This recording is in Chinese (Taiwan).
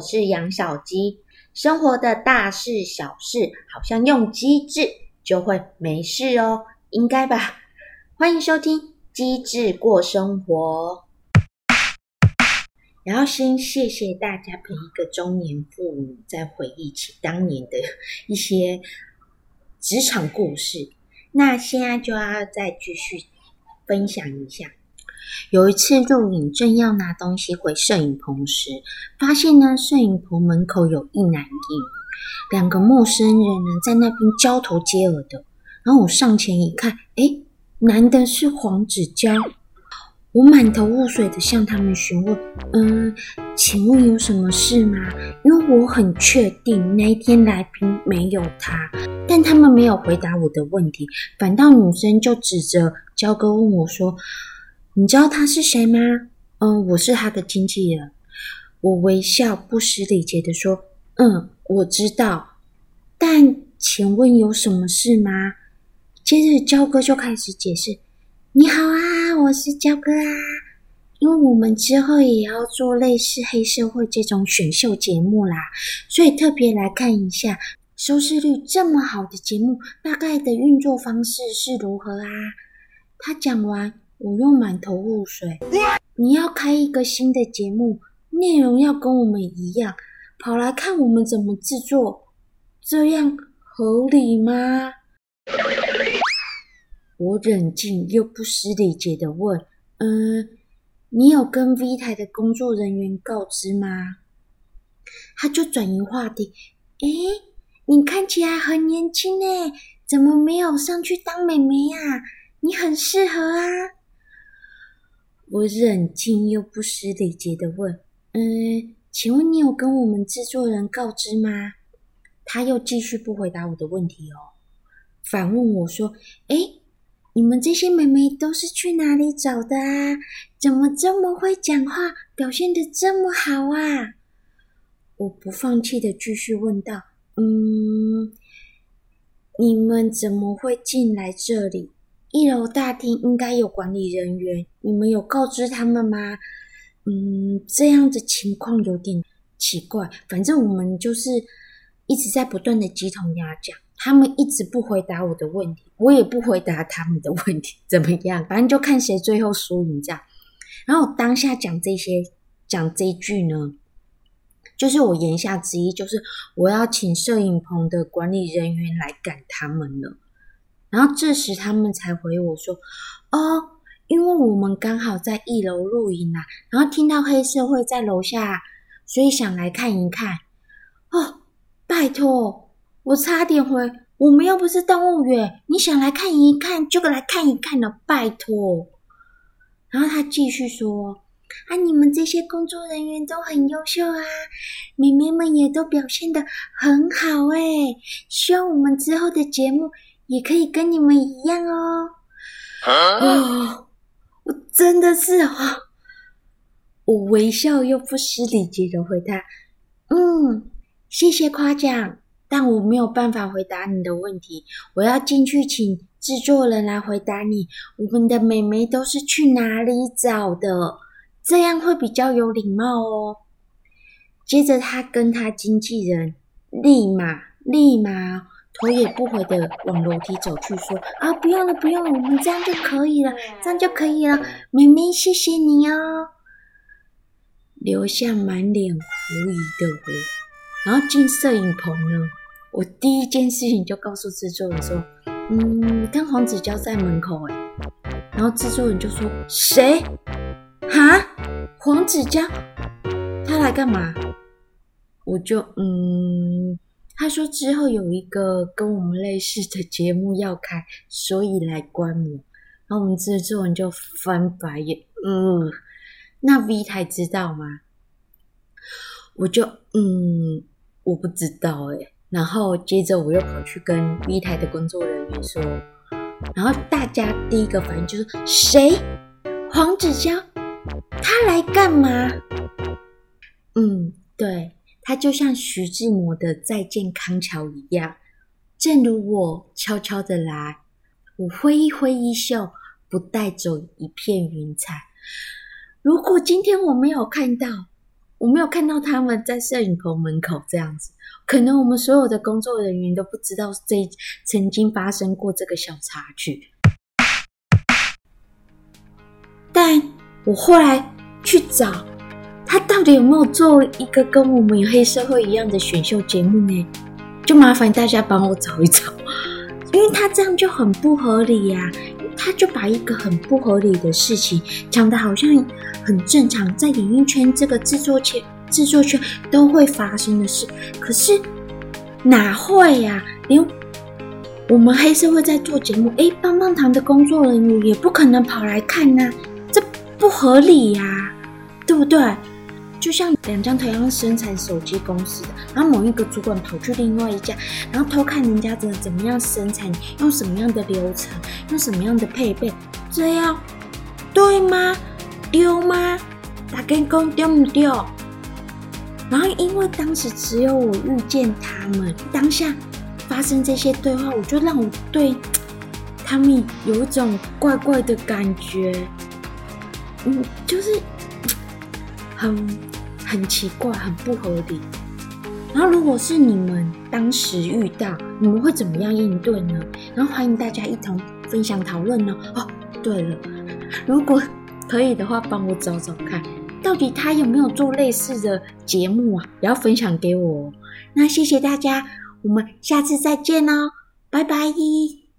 我是養小雞，生活的大事小事，好像用機智就會沒事哦，應該吧？歡迎收聽《機智過生活》。然後先謝謝大家陪一個中年婦女，在回憶起當年的一些職場故事。那現在就要再繼續分享一下。有一次錄影，正要拿東西回攝影棚時，發現呢，攝影棚門口有一男一女兩個陌生人呢，在那邊交頭接耳的。然後我上前一看，哎、欸，男的是黃子佼，我滿頭霧水的向他們詢問：“嗯，請問有什麼事嗎？”因為我很確定那一天來賓沒有他，但他們沒有回答我的問題，反倒女生就指着佼哥問我說。你知道他是誰嗎？嗯，我是他的經紀人。我微笑不失禮節的說：“嗯，我知道，但請問有什麼事嗎？”接着佼哥就開始解釋：“你好啊，我是佼哥啊，因為我們之後也要做類似黑澀會這種選秀節目啦，所以特別來看一下收視率這麼好的節目，大概的運作方式是如何啊？”他講完，我又滿頭霧水。你要開一個新的節目，內容要跟我們一樣，跑來看我們怎麼制作，這樣合理嗎？我冷靜又不失禮節的問：“嗯，你有跟 V 台的工作人員告知嗎？”他就轉移話題：“誒、欸、你看起來很年輕哎、欸，怎麼沒有上去當美眉呀、啊？你很適合啊。”我忍又不失禮節地問：“嗯，請問你有跟我們制作人告知嗎？”他又繼續不回答我的問題哦，反問我說：“哎，你們這些妹妹都是去哪裡找的啊？怎麼這麼會講話，表現得這麼好啊？”我不放棄地繼續問道：“嗯，你們怎麼會進來這裡？”一樓大廳應該有管理人員，你們有告知他們嗎？嗯，這樣的情況有點奇怪。反正我們就是一直在不斷的雞同鴨講，他們一直不回答我的問題，我也不回答他們的問題，怎麼樣？反正就看誰最後輸贏這樣。然後當下講這些，講這一句呢，就是我言下之意，就是我要請攝影棚的管理人員來趕他們了。然後這時他們才回我說：“哦，因為我們剛好在一樓錄影啊，然後聽到黑澀會在樓下，所以想來看一看哦。”拜托，我差點回：“我們又不是動物園，你想來看一看就來看一看了。”拜托。然後他繼續說：“啊，你們這些工作人員都很優秀啊，妹妹們也都表現得很好哎、欸，希望我們之後的節目。”也可以跟你們一樣哦。啊、哦！我真的是啊、哦！我微笑又不失禮節的回答：“嗯，謝謝誇獎，但我沒有辦法回答你的問題。我要進去請製作人來回答你。我們的美眉都是去哪裡找的？這樣會比較有禮貌哦。”接着，他跟他經紀人立馬立馬，立馬頭也不回的往樓梯走去，說：“啊，不用了，不用了，我們這樣就可以了，這樣就可以了。妹妹，明明謝謝你哦。”留下滿臉狐疑的我，然後進攝影棚了。我第一件事情就告訴制作人說：“嗯，跟黃子佼在門口哎，欸。”然後制作人就說：“誰？啊？黃子佼？他來幹嘛？”我就嗯。他說之後有一個跟我們類似的節目要開，所以來觀摩。然後我們制作人就翻白眼，嗯，那 V 台知道嗎？我就嗯，我不知道誒、欸，然後接着我又跑去跟 V 台的工作人員說，然後大家第一個反應就是誰？黃子佼，他來幹嘛？嗯，對。他就像徐志摩的《再見康橋》一樣，正如我悄悄的來，我揮一揮衣袖，不帶走一片雲彩。如果今天我沒有看到，我沒有看到他們在攝影棚門口這樣子，可能我們所有的工作人員都不知道這曾經發生過這個小插曲。但我後來去找。他到底有沒有做一個跟我們黑社會一樣的選秀節目呢？就麻煩大家幫我找一找，因為他這樣就很不合理呀！他就把一個很不合理的事情講得好像很正常，在演藝圈這個制作圈、制作圈都會發生的事。可是哪會呀？連我們黑社會在做節目，欸，棒棒糖的工作人員也不可能跑來看吶，這不合理呀，對不對？就像兩家同樣生產手機公司的，然後某一個主管跑去另外一家，然後偷看人家怎麼怎麼樣生產，用什麼樣的流程，用什麼樣的配備，這樣，對嗎？丟嗎？打跟工丟不丟？然後因為當時只有我遇見他們，當下發生這些對話，我就讓我對他們有一種怪怪的感覺，嗯，就是。很很奇怪，很不合理。然後，如果是你們當時遇到，你們會怎麼樣應對呢？然後歡迎大家一同分享討論哦。哦，對了，如果可以的話，幫我找找看，到底他有沒有做類似的節目啊？也要分享給我。那謝謝大家，我們下次再見哦，拜拜。